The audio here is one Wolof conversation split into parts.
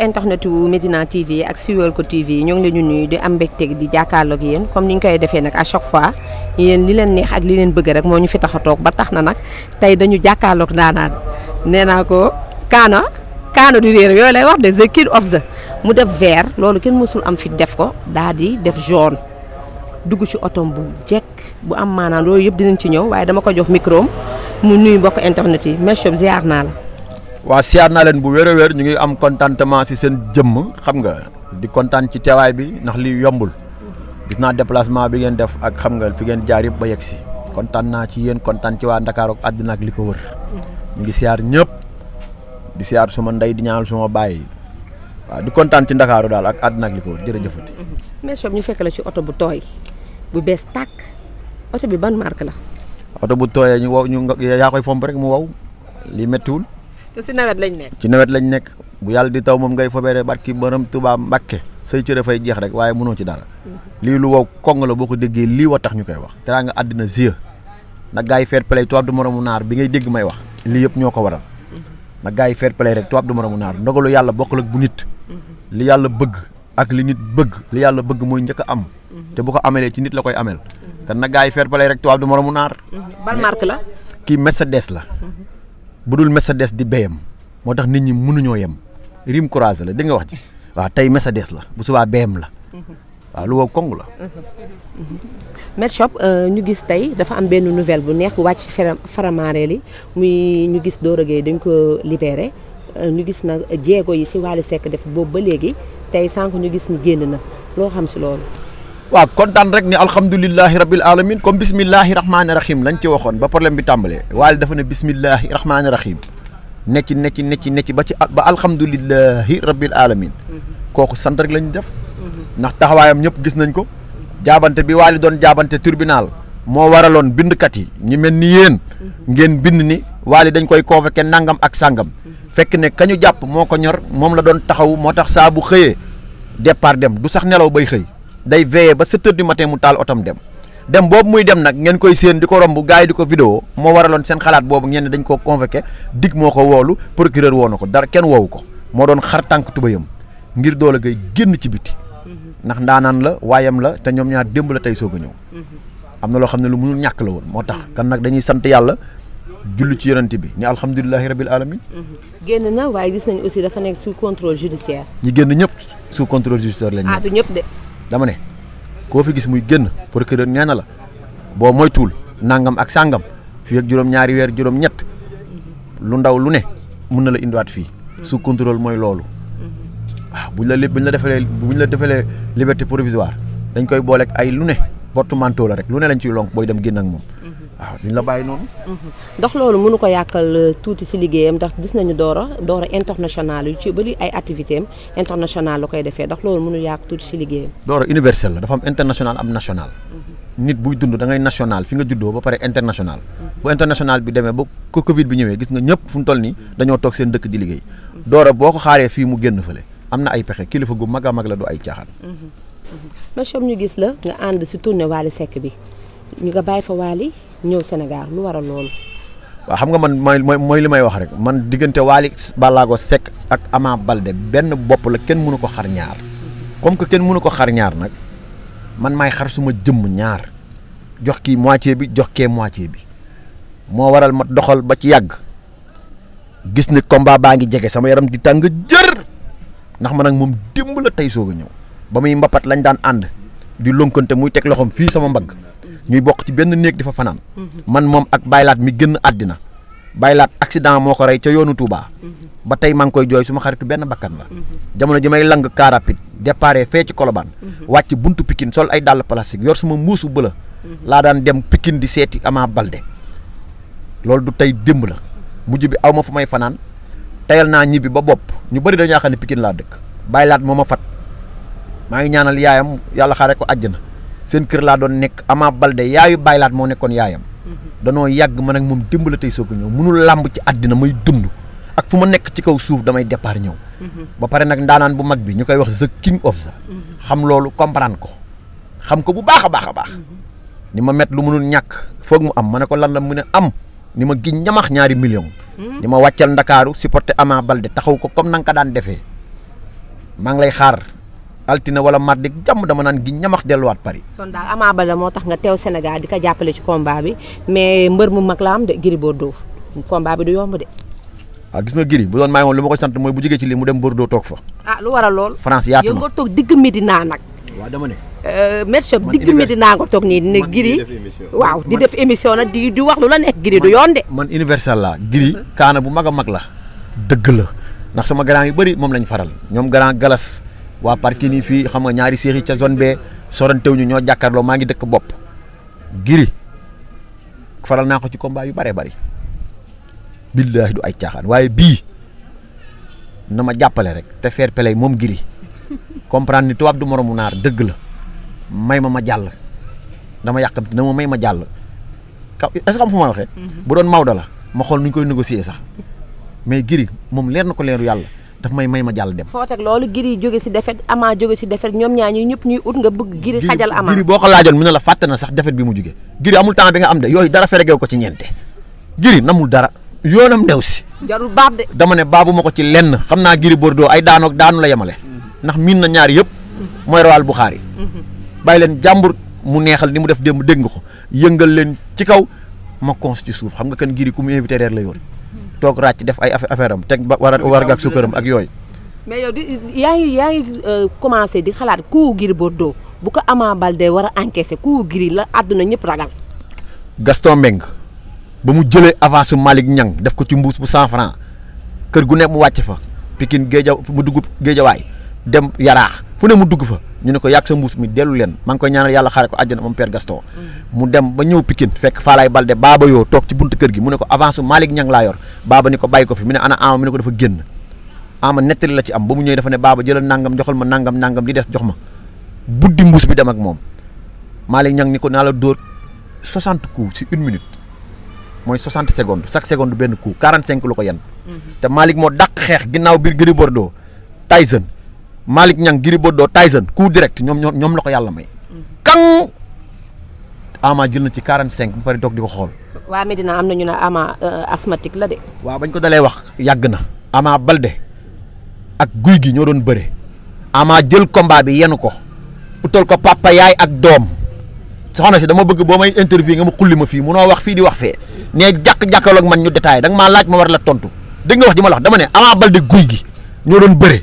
internet wu Medina TV ak Siweul ko TV ñoo ngi leen ñu nuyu di am mbégte di jàkkaalook yéen comme ni koy defee nag à chaque fois yéen li leen neex ak li leen bëgg rek moo ñu fi tax ba tax na nag tey dañu jàkkaarloog daanaan nee naa ko kaana kaana du réer yooyu lay wax de the king of the mu def vert loolu kenn mësul am fi def ko daa di def jaune dugg ci otom bu jekk bu am maanaan loolu yëpp dinañ ci ñëw waaye dama ko jox micro mu nuyu mbokk internet yi Meshob ziar naa la. Wasiar nalen naa leen bu wéré wér ñu ngi am contentement si sen jëm xam nga di kontan ci téway bi nak li yombul gis na déplacement bi ngeen def ak xam nga fi ngeen jaar yëpp ba yegg si kontaan naa ci yeen kontaan ci wa Dakar ak àddina ak liko wër ñu ngi siar ñëpp di siar suma ndey di ñaanal suma bàyyi wa di kontan ci Dakar dal ak àddina ak liko wër wër jëfëti mhm. mais sob ñu fekk la ci auto bu toy bu bees tak auto bi ban marque la. auto bu toy ñu ñu koy fomp rek mu waw li te nawet lañ nekk. ci nawet lañ nekk bu yàlla di taw moom ngay fobeere barki borom tubaab Mbàkke say cëre fay jeex rek waaye mënoo ci dara. Mm-hmm. lii lu wow koŋ la boo ko déggee lii wa tax ñu koy wax. teraanga àddina ziya nag gars yi fair play tubaab du moromu naar bi ngay dégg may wax. lii yëpp ñoo ko waral. Mm-hmm. nag gars yi fair play rek tubaab du moromu naar ndogalu yàlla bokkul ak bu nit. Mm-hmm. li yàlla bëgg ak li nit bëgg. li yàlla bëgg mooy njëkk a am. te bu ko amelee ci nit la koy amel. kon nag gars yi fair play rek tubaab du mu naar. ban marque la. kii Mercedes la. bu dul Mercedes di béyam moo tax nit ñi mënuñoo yem rime croisé la di wax ji waaw tey Mercedes la bu subaa béyam la waaw lu wow kong la. Met Shop euh, ñu gis tey dafa am benn nouvelle bu neex wàcc faramaareel yi muy ñu gis Doro Gueye dañ ko libéré euh, ñu gis nag jéego yi ci Wally sekk def boobu ba léegi tey sànq ñu gis ni génn na loo xam si loolu. wa kontan rek ni alhamdulillahi rabbil alamin kom bismillahi rahmanir rahim lañ ci waxon ba problème bi tambalé wal dafa ne bismillahi rahmanir rahim ne ci ne ci ne ci ne ba ci ba alhamdulillahi rabbil alamin mhm. koku sant rek lañ def ndax taxawayam ñep gis nañ ko jabanté bi wali don jabanté tribunal waralon bind kat yi ñi melni yeen mhm. ngeen bind ni wali dañ koy convoquer nangam ak sangam mhm. fekk ne kañu japp moko ñor mom la don taxaw motax sa bu xeye départ dem du sax nelaw bay xey day veillé ba 7 heures matin mu taal otom dem dem boobu muy dem nag ngeen koy séen di ko romb gars yi di ko vidéo moo waraloon seen xalaat boobu ngeen ne dañ koo convoqué dig moo ko woolu procureur woo na ko dara kenn woowu ko moo doon xar tànk tubayam ngir Dolé Gueye génn ci biti mhm. ndax ndaanaan la waayam la te ñoom ñaar démb la tey soo a ñëw mhm. am na loo xam ne lu munul ñàkk la woon moo tax kan nag dañuy sant yàlla julli ci yonent bi ni alhamdulilahi rabil alamin mhm. génn na waaye gis nañ aussi dafa nekk sous contrôle judiciaire ñi génn ñëpp sous contrôle judiciaire lañ ah du ñëpp de dama ne koo fi gis muy génn procureur nee na la boo moytuwul nangam ak sàngam fii ak juróom-ñaari weer juróom-ñett lu ndaw lu ne mun na la indiwaat fii. su contrôle mooy loolu. waaw buñ la buñ bu defalee buñ la defalee liberté provisoire dañ koy booleeg ay lu ne porte manteau la rek lu ne lañ ciy lonk booy dem génn ak moom. waaw duñ la bàyyi noonu. Mhm. ndax loolu mënu ko yàqal euh, tuuti si liggéeyam ndax gis nañu Doro Doro international yu ci bëri ay activité am international la dafa am international am national. Mhm. nit buy dund da national fi nga juddoo ba pare international. Mhm. bu international bi demee ba ko Covid bi ñëwee gis nga ñëpp fu mu toll nii dañoo toog seen dëkk di liggéey. Doro boo ko xaaree fii mu génn fële am na ay pexe kilifa gu mag a mag la du ay caaxaan. monsieur ñu gis la nga ànd si tournée Wally Seck bi ñu nga bàyyi fa Wally ñew Sénégal lu waral lool wa xam nga man moy moy limay wax rek man digënté wali balago sek ak Ama Balde Ben bop la kenn mënu ko xar ñaar comme que kenn mënu ko xar ñaar nak man may xar suma jëm ñaar jox ki moitié bi jox ke moitié bi mo waral ma doxal ba ci yàgg gis ni combat baangi jégué sama yaram di tang jër ndax man ak mom démb la tey soog a ñëw ba muy mbapat lañ daan and di lonkante muy tek loxom fi sama mbag ñuy bok ci benn neeg di fa man mom ak baylat mi genn adina baylat accident moko ray rey ca yoonu Touba ba tay mang koy joy suma xaritu benn bakkan la jamono ji may lang ka rapide déparé fé ci koloban wacc buntu pikin sol ay dal plastique yor suma musu ladan la daan dem pikin di Ama Balde lol du tay demb la mujj bi aw fu may tayal na ñibi ba bop ñu bari dañu xani pikin la dekk baylat moma fat ma fat ngi ñaanal yaayam yalla xare ko seen kër laa doon nekk Ama Balde yaayu baylaat moo nekkoon yaayam mhm. danoo yàgg ma nag moom démb la tey soog a ñëw munul làmb ci àddina may dund ak fu ma nekk ci kaw suuf damay départ ñëw mhm. ba pare nag ndaanaan bu mag bi ñu koy wax the king of the mhm. xam loolu comprendre ko xam ko bu baax a baax a baax ni ma met lu mënul ñàkk foog mu am ma ne ko lan la mu ne am ni ma gi ñamax ñaari million ni ma wàccal ndakaaru supporter Ama Balde taxaw ko comme nanga ko daan defee maa ngi lay xaar altina wala mardi jam dama nan gi ñamax wat pari kon dal Ama Baldé moo tax nga tew senegal di ko jàppale ci combat bi mais mbeur mu mak la am de giri Bordeaux combat bi du yomb de. ah gis nga giri bu don may mom luma ko sant moy bu jige ci li mu dem Bordeaux tok fa. ah lu waral lol France ya. nga tok dig Medina nak wa dama ne. Euh, merci dig Medina nga tok ni ne giri waaw di def émission nag di di wax lu la nek giri du yoon de. man universal la giri kana bu maga mak la deug la nak sama grand yu bari mom lañ faral ñom grand galas wa parkini fi xam nga ñaari seex yi ca zone B sorantew ñu ñoo jàkkaarloo maa ngi dëkk bopp giri faral naa ko ci combat yu bare bari billahi du ay caaxaan waaye bii na ma jàppale rek te fair play moom giri comprendre ni tubaab du moromu naar dëgg la may ma ma jàll dama yàqamti na ma may ma jàll kaw est-ce que am fu ma waxee mhm. bu doon ma xool nu ñu koy négocier sax mais giri moom leer na ko leeru yàlla daf may may ma jàll dem. foo teg loolu giri jóge si defet ama jóge si defet ñoom ñaa ñu ñëpp ñuy ut nga bëgg giri xajal ama giri boo ko laajoon mu ne la fàtte na sax defet bi mu jóge giri amul temps bi nga am de yooyu dara feregew ko ci ñeente giri namul dara yoonam new si jarul baab de dama ne baabu ma ko ci lenn xam naa giri bordeaux ay daanoog daanu la yemale ndax min na ñaar yëpp mooy rawal Bukhari. bàyyi leen jàmbur mu neexal ni mu def démb dégg ko yëngal leen ci kaw ma cons ci suuf xam nga kan giri ku mu invité reer la yori tok ràcc def ay affaire am teg war war gak sukkaram ak yoy mais yow di yaa ngi yaa euh, di xalat ku Gris bordo bu ko Ama balde wara encaisser encaissé ku Gris la aduna ñep ragal. Gaston meng ba mu jele avance malik Niang def ko ci mbuus bu 100 francs keur gu nek mu wàcc fa Pikine géeja mu dugg dugub way dem yarax fune ne mu dugg fa ñu ne ko yak sa mbuus mi delu len mang ngi koy ñaanal yalla xare ko aljana mom Père Gaston mm-hmm. mu dem ba ñew Pikine fekk falay Balde baba yo, tok ci buntu kër gi mu ne ko avance malik ñang la yor baba ni ko bay ko fi mu ne ana am mu ne ko dafa genn ama netti la ci am ba mu ñew dafa ne baba jël nangam joxal ma nangam nangam li dess jox ma buddi mbuus bi dem ak mom malik ñang ni ko naa la dóor 60 coups ci 1 minute moy 60 secondes chaque seconde ben coup 45 lu ko yenn mm-hmm. te malik mo dak xex ginnaw bir gëri Bordeaux Tyson Malik Niang giri Bordeaux Tyson coup direct ñom ñom la ko yalla may kan ama jël na ci 45 bu paré tok diko xol wa medina amna ñu euh, na ama asthmatique la dé wa bañ ko dalé wax yag na ama balde ak guuy gi ñoo doon bëré ama jël combat bi yenu ko utal ko papa yaay ak dom soxna ci dama bëgg bo may interview nga mu xulli ma fi mu no wax fi di wax fe né jak jakal ak man ñu détail dag ma laaj ma war la tontu nga wax dima wax dama ne ama balde guuy gi ñoo doon bëré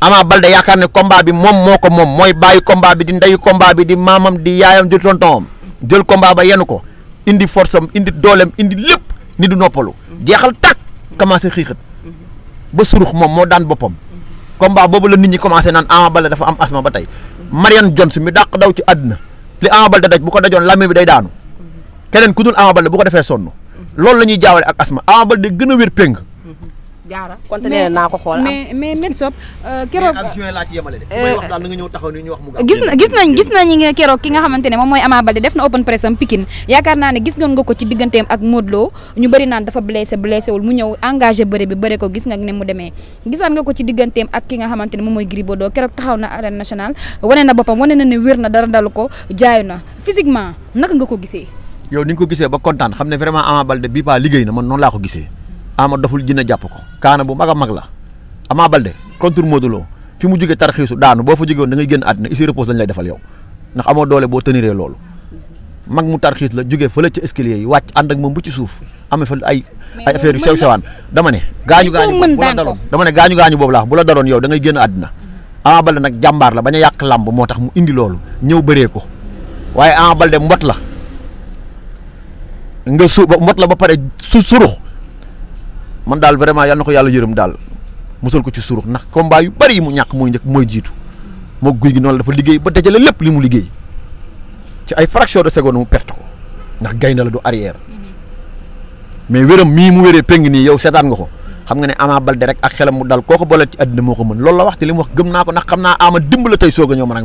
Ama Balde yaakaar ne combat bi moom moo ko moom mooy bàyyi combat bi di ndeyu combat bi di maamam di yaayam di tontonam jël kombaa ba yenu ko indi force am indi doolem indi lépp ni du noppalu. jeexal tàkk commencé xiixat ba surux moom moo daan boppam. combat boobu la nit ñi commencé naan Ama Balde dafa am asma ba tey. Marianne Jones mi dàq daw ci àdduna li Ama Balde daj bu ko dajoon làmmiñ bi day daanu. keneen ku dul Ama Balde bu ko defee sonn. loolu la ñuy jaawale ak asma Ama Balde gën a wér péng jaara conteneur naa ko xool mais mais Medsob euh, keroog euh, gis na gis nañ gis nañu nga keroog ki nga xamante ne moom mooy Ama Baldé def na open press am Pikine yaakaar naa ne gis nga ko ci digganteem ak Modou Lo ñu bëri naan dafa blessé blessé wul mu ñëw engagé bëre bi bëre ko gis nga ne mu demee gisaat nga ko ci digganteem ak ki nga xamante ne moom mooy Gris Bordeaux keroog taxaw na arène nationale wane na boppam wane na ne wér na dara dalu ko jaayu na physiquement naka nga ko gisee yow ni nga ko gisee ba kontaan xam ne vraiment Ama Baldé bii paa liggéey na man noonu laa ko gisee ama doful jinne jàpp ko kaana bu mag a mag la Ama Baldé contre Modou Lo fi mu jógee tarxiisu daanu boo fa jógee woon da ngay génn àddina ici repose lañ lay defal yow ndax amoo doole boo tëniree loolu mag mu tarxiis la jógee fële ca escalier yi wàcc ànd ak moom bu ci suuf amee fa ay ay affaire yu sew sewaan dama ne gaañu gaañu bu la daloon dama ne gaañu gaañu boobu la bu la daloon yow da ngay génn àddina Ama Baldé nag jàmbaar la bañ a yàq làmb moo tax mu indi loolu ñëw bëree ko waaye Ama Baldé mbot la nga su mbot la ba pare su surux man daal vraiment yàlla na ko yàlla yërëm daal musal ko ci surux ndax combat yu bari yi mu ñàkk mooy njëkk mooy jiitu moo guy gi noonu la dafa liggéey ba dajale lépp li mu liggéey ci ay fraction de seconde mu perte ko ndax gaynde la du arrière mais wéram mii mu wéree péng nii yow seetaan nga ko xam nga ne Ama Baldé rek ak xelam mu dal koo ko boole ci àddina moo ko mën loolu la wax te li mu wax gëm naa ko ndax xam naa ama dimbala tey soog a ñëw man ak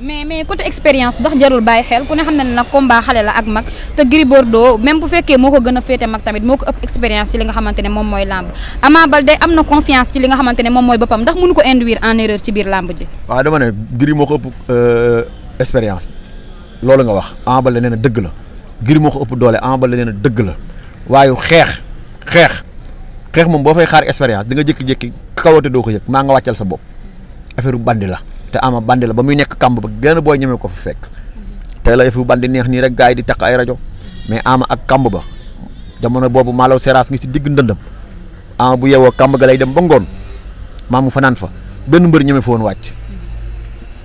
mais mais côté expérience ndax jarul baye xel ku ne xamna na combat xalé la ak mak te gri Bordeaux même bu fekke moko gëna fété mak tamit moko ko ëpp expérience ci li nga xamantene mom moy lamb Ama Baldé am na confiance ci li nga xamantene mom moy bopam ndax mënu ko induire en erreur ci bir lamb ji. wa dama ne gri moko ko euh expérience loolu nga wax Ama Baldé nee dëgg la gri moko ëpp doole Ama Baldé nee dëgg la wayu xex xex xex mom bo fay xaar expérience di nga kawote do ko ma nga waccal sa bop affaireu bandi la. te ama bandi la ba muy nekk kàmb ba benn booy ñemee ko fa fekk tey la yëfu bandi neex nii rek gars yi di takk ay rajo mais ama ak kàmb ba jamono boobu maalaw seraas ngi si digg ndëndam ama bu yeewoo kàmb ga lay dem ba ngoon maa mu fanaan fa benn mbër ñeme fa woon wàcc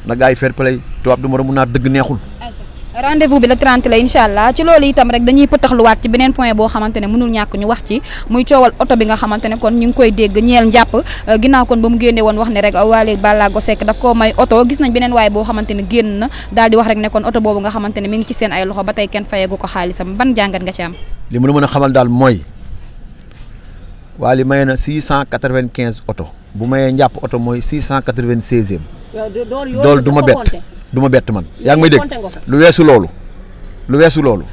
na gars yi fair play tubaab du mara mun naa dëgg neexul rendez-vous bi le 30 la inshallah ci loolu itam rek dañuy wat ci benen point bo xamantene mënul ñak ñu wax ci muy ciowal auto bi nga xamantene kon ñing koy dégg ñeel ñiap euh, ginaaw kon ba mu génne woon wax ne rek Waly Ballago Seck daf ko may auto gis nañ benen way bo xamantene ne na dal di wax rek ne kon auto bobu nga xamantene mi ngi ci seen ay loxo batay tey kenn ko xaalisam ban jangat nga ci am li mënu mëna xamal dal moy walé mayena 695 auto bu mayee ñiap auto moy 696e dool duma bet du ma bett man yaa ngi may dégg lu weesu loolu lu weesu loolu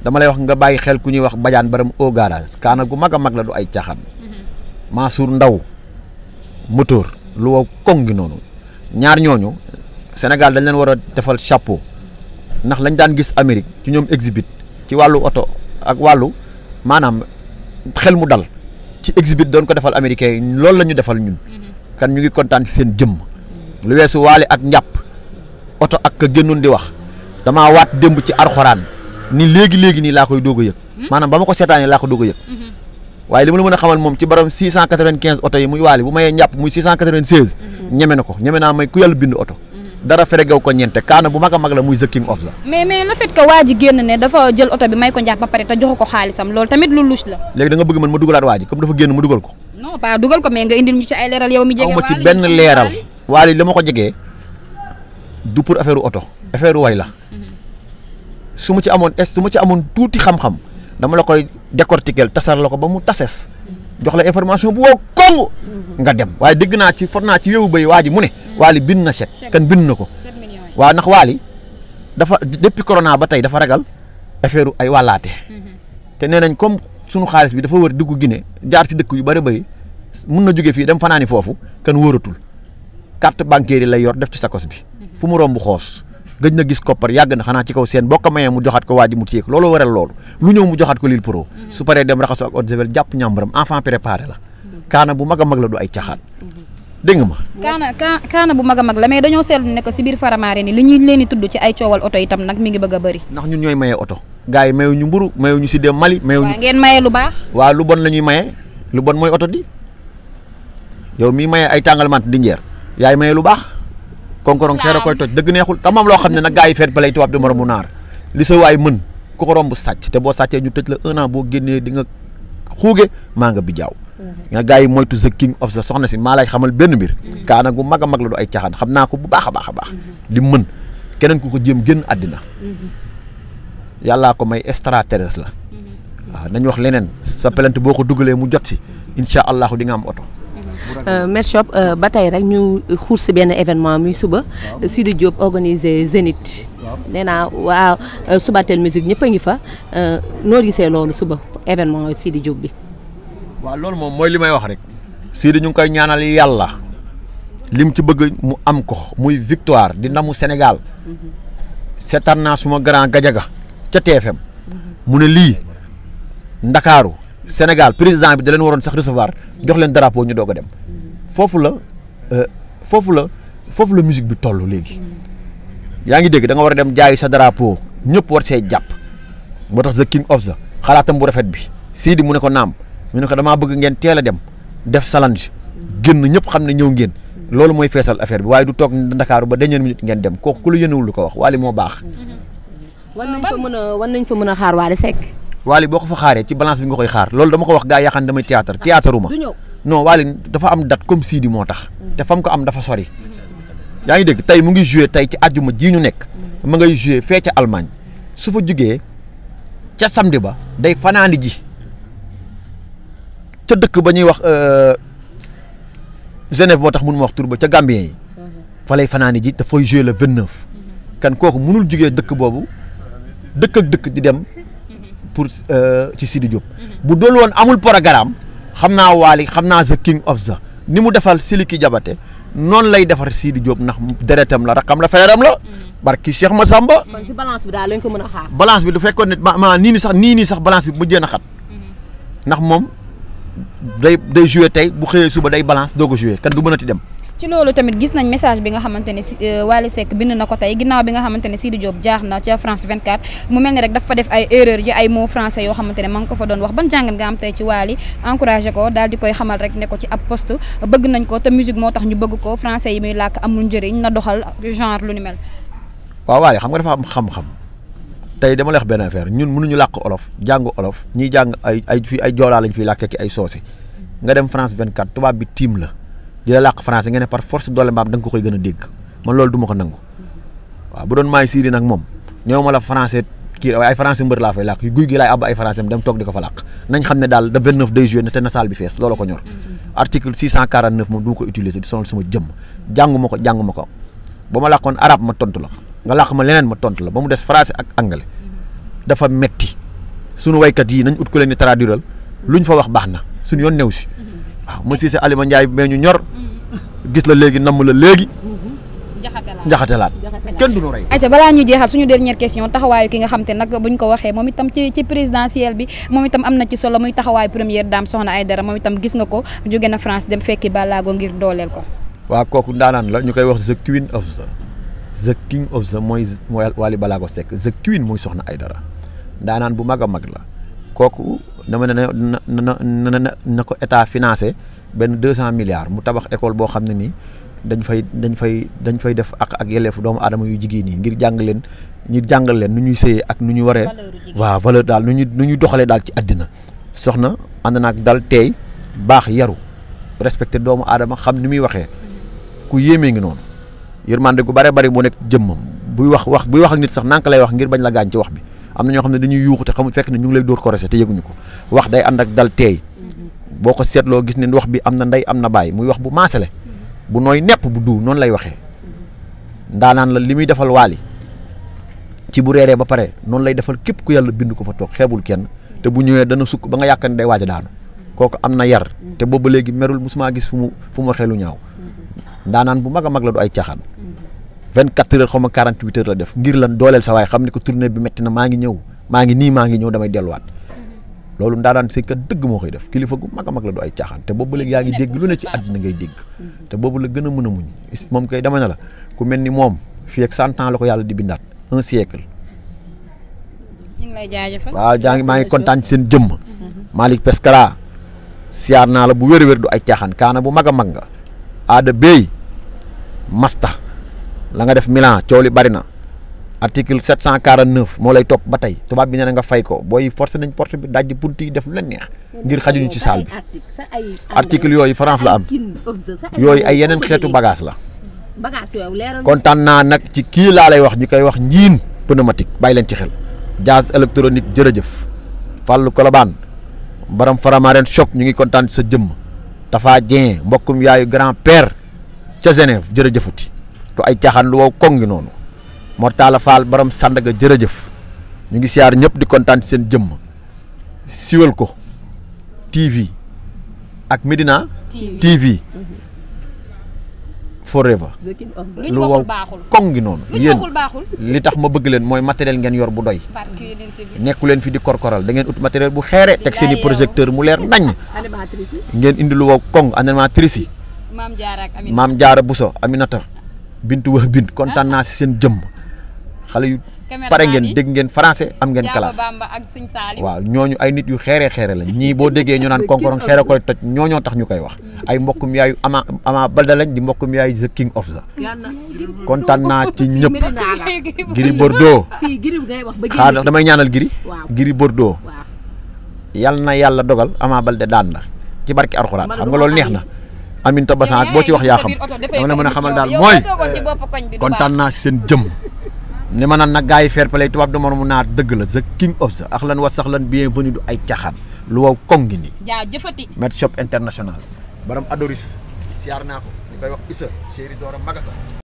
dama lay wax nga bàyyi xel ku ñuy wax bajaan baram o garage kaana gu mag a mag la du ay caaxaan mm-hmm. Mansour Ndaw motoor lu wow koŋ gi noonu ñaar ñooñu senegal dañ leen war a defal chapeau ndax lañ daan gis amerique ci ñoom exhibit ci wàllu oto ak wàllu maanaam xel mu dal ci exhibit doon ko defal américain yi loolu la ñu defal ñun mm-hmm. kan ñu ngi kontaan ci seen jëmm lu weesu waale ak njàpp oto ak ka génnoon di wax damaa waat démb ci arxuraan ni léegi léegi nii laa koy doog a yëg hmm? maanaam ba ma ko seetaanee laa ko doog a yëg hmm. waaye li ma a xamal moom ci borom 695 oto yi muy waali bu mayee hmm. na ko ñeme naa may ku yàlla bind bu a mag la muy the king of la mais mais le fait que waa ji génn ne waa ji comme dafa génn jege du pour affaire auto affaire way la su ma ci tuti est su ma ci amoon tuuti xam-xam dama la koy décortiquer tasar la ko ba mu tases jox la information bu wow kongu nga dem ci for ci yow bay waa mu ne na chèque kan bin na ko waaw ndax dafa depuis corona ba tey dafa ragal affaire ay walate. te nee kom comme sunu xaalis bi dafa wër diggu Guinée jaar ci dëkk yu bëri bëri mun na fii dem fanani foofu kan wóoratul carte bancaire yi lay yor def ci sa bi fu mu rombu xoss gëj na gis copper yag na xana ci kaw seen bokk maye mu joxat ko waji mu téye lolo waral lolo lu ñew mu joxat ko lil pro mhm. su paré dem raxasu ak odzevel japp ñambaram enfant préparé la kana bu maga mag la du ay tiaxat mhm. deng ma kana kana bu maga mag la mais dañu ne ko ci bir faramaré ni li ñuy leni tudd ci ay ciowal oto itam nak mi ngi bëgga bëri ñun ñoy maye oto gaay mayu ñu mburu mayu ñu mali mayu ñu ngeen maye lu baax wa lu bon lañuy maye lu bon moy oto di yow mi maye ay tàngalmant di njeer yaay maye lu baax konkorong kero koy toj deug neexul tamam lo xamne nak gaay fête balay tuwab du moromu nar li sa way mun ku ko rombu sacc te bo sacce ñu tejj la 1 an bo génné di nga xougué ma nga bi jaw mhm. nga gaay moytu the king of the soxna si ma lay xamal benn bir mhm. ka na gu maga mag la du ay tiaxan xamna ko bu baaxa baaxa baax mhm. di meun kenen ku ko jëm genn adina yalla ko may extraterrestre la nañ wax lenen sa pelante boko dugulé mu jot ci inshallah di nga am auto Euh, Medshop euh, ba tey rek ñu xuur si benn événement muy suba euh, Sidi Diop organisé Zénith nee naa waaw Subatel musique ñëpp a ngi fa noo gisee loolu suba événement Sidi Diop bi waaw loolu moom mooy li may wax rek Sidi ñu ngi koy ñaanal yàlla lim ci bëgg mu am ko muy victoire di namu Sénégal mm-hmm. seetaan naa suma grand Gadiaga ca TFM mm-hmm. mu ne lii Ndakaaru Sénégal président bi da leen waroon sax recevoir jox leen drapeau ñu doog a dem foofu la euh, foofu la foofu la musique bi toll léegi yaa ngi dégg da nga war a dem jaayi sa drapeau ñëpp war see jàpp moo tax the king of the xalaatam bu rafet bi sii Sidi mu ne ko naam mu ne ko damaa bëgg ngeen teel a dem def challenge génn ñëpp xam ne ñëw ngeen loolu mooy feesal affaire bi waaye du toog ndakaaru ba dernière minute ngeen dem kooku ku la yéenewul lu ko wax Wally moo baax. wan nañ fa mën a wan nañ fa mën a xaar boo ko fa xaaree ci balance bi nga koy xaar loolu dama ko wax gaa yi xam damay non Wally dafa am date comme si di motax te fam ko am dafa sori ya ngi dégg tey mu ngi jouer tay ci aljuma ji ñu nek ma ngay jouer fe ci almagne su fa jugee ci samedi ba day fanaani ji ca dekk bañuy wax euh Genève motax mu mun wax tur ba ca Gambien yi fa lay fanaani ji fay jouer le 29 neuf kan koku munul jugee dekk bobu dekk ak di dem pour euh, ci Sidi job bu dool won amul programme xam naa Wally xam naa the king of the ni mu defal si Siliki Jabate noonu lay defar Sidi Diop ndax deretam la rakam la fereeram la. Mm. barki Cheikh Massamba. kon mm. ci balance bi daal lañ ko mën a xaar. balance bi du fekkoon ne ma ma nii nii sax nii nii sax balance bi mujjee na xat mm-hmm. ndax moom day day joué tey bu xëyee suba day balance doo ko joué kan du mënati dem. ci lo tamit gis nañ message bi nga xamante ne euh, Wally Seck bind na ko tey ginnaaw bi nga xamante ne Sidi Diop na France 24 mu mel ni rek dafa def ay erreur France ay mots français yoo xamante ne ma ko fa doon wax ban nga am ci ko di koy xamal rek ne ko ci ab poste bëgg nañ ko te musique moo tax ñu bëgg ko français yi muy làkk amul njëriñ na doxal genre lu ni mel. waaw waaye xam nga dafa am xam-xam tey dama la wax benn affaire ñun mënuñu làkk olof jàng olof ñiy jàng ay ay fii ay joolaa lañ fiy làkkee ki ay soose nga dem France 24 tubaab bi tiim la dila la français ngay par force dole mbaam dang ko koy gëna dégg man lool duma ma ko nangu wa bu doon may siiri nak moom ñewuma la français ki ay français mbeur la fay yu guuy gi lay ab ay français dem tok diko fa làq nañ xam dal daal de 29 day juin té na salle bi fess loolu ko ñor article 649 mom du ko utiliser di sonal sama jëmm jàngu ma ko jàngu ma ko ba ma tontu la nga làq ma leneen ma tontu la bamu dess français ak anglais dafa metti sunu kat yi nañ ut ko leni traduiral luñ fa wax baxna sunu yon yoon waaw monsieur Cissé Alima Ndiaye mais ñu ñor gis la léegi namm la léegi. njaxatelaat kenn du ñu rey aca balaa ñu jeexal suñu dernier question taxawaayu ki nga xam te nag buñ ko waxee moom itam ci ci présidentielle bi moom itam am na ci solo muy taxawaayu première dame soxna Aïdara moom itam gis nga ko jóge na France dem fekki Balago ngir dooleel ko waaw kooku ndaanaan la ñu koy wax the queen of the the king of the mooy mooy Wally Balago Seck the queen mooy soxna Aïdara ndaanaan bu mag a mag la kooku na ma ne na na na na ko état financé benn deux cent milliards mu tabax école boo xam ne nii dañ fay dañ fay dañ fay def ak ak yelleefu doomu aadama yu jigéen yi ngir jàng leen ñu jàngal leen nu ñuy sëyee ak nu ñu waree waaw valeur daal nu ñu nu ñu doxalee daal ci àddina soxna ànd naag dal teey baax yaru respecté doomu aadama xam ni muy waxee ku yéemee ngi noonu yërmande gu bare bari moo nekk jëmmam buy wax wax buy wax ak nit sax nank lay wax ngir bañ la ñoo xam ne dañuy yuuxu te xamul fekk ne ñu ngi lay ko wax day ànd ak dal teey boo ko seetloo gis ne wax bi am na ndey am na baay muy wax bu maasale mm-hmm. bu nooy nepp bu du noonu lay waxee mm-hmm. ndaanaan la li muy defal waali ci bu reeree ba pare noonu lay defal képp ku yàlla bind ko fa toog xeebul kenn mm-hmm. te bu ñëwee dana sukk ba nga yàkkan day waaj a daanu kooku am na yar te boobu léegi merul mu su musuma gis fu mu fu mu waxee lu ñaaw ndaanaan bu mag a mag la du ay caaxaan vingt quatre heures xaw ma quarante huit heures la def ngir lan dooleel sa ne maa ngi ñëw maa ngi nii maa ngi ñëw damay delluwaat loolu ndaanaan si kat deug mo koy def kilifa gu mag mag la do ay tiaxan te bobu leg yaangi deg lu ne ci aduna ngay deg te bobu la gën a muñ mom kay dama na la ku melni ni fi ak 100 ans la ko yàlla di bindat un siècle ñing lay jaajeufal waaw jaangi ma ngi contane ci seen jëmm Malick Pescara siyaar la bu wër wër du ay tiaxan kana bu mag mag nga ada bey masta la nga def Milan cioli barina article 749 moo lay topp ba tey tubaab bi nee na nga fay ko booy forcé nañ porte bi dajji bunt yi def lu leen neex ngir xajuñu ci salle bi article yooyu France la am yooyu ay yeneen xeetu bagage la kontaan naa nag ci kii laa lay wax ñu koy wax njiin pneumatique bàyyi leen ci xel gaz électronique jërëjëf Fallou Kolobaan baram faramaren choc ñu ngi kontaan sa jëmm Tafa Dieng mbokkum yaayu grand père ca Genève jërëjëfuti to ay caaxaan lu wow koŋ ngi noonu Mortala Fall borom Sandaga jerejeuf ñu ngi siar ñep di kontaan sen jëm siwel ko TV ak Medina TV mhm. forever lu wow koŋ ngi noonu yéen li tax ma bëgg leen moy matériel ngeen yor bu doy nekku leen fi di korkoral da ngeen ut matériel bu xéré tek seen projecteur mu leer nañ ngeen indi lu wow kong animatrice aminata mam jaara Buso Aminata bintu wax bint kontaan na sen jëm xale yu pare ngeen dégg ngeen français am ngeen classe waaw ñooñu ay nit yu xeere xeere lañ ñii boo déggee ñu naan konkoron xeere koy toj ñooñoo tax ñu koy wax ay mbokkum yaayu ama ama balda lañ di mbokkum yaay the king of the kontaan naa ci ñëpp giri bordeaux xaar damay ñaanal giri giri bordeaux yal na yàlla dogal ama balde daan la ci barki arxuraan xam nga loolu neex na amin to basan ak boo ci wax yaa xam dama la mën a xamal daal mooy kontaan naa si seen jëm ne ma naan nag gars yi fair play tubaab du moromu naar dëgg la sa king of the ak lan wa sax lan bienvenue du ay caaxaan lu wow koŋ ngi nii. jaa Shop International. baram Adoris. siyaar naa ko ñu koy wax Issa chéri Dora Magasa.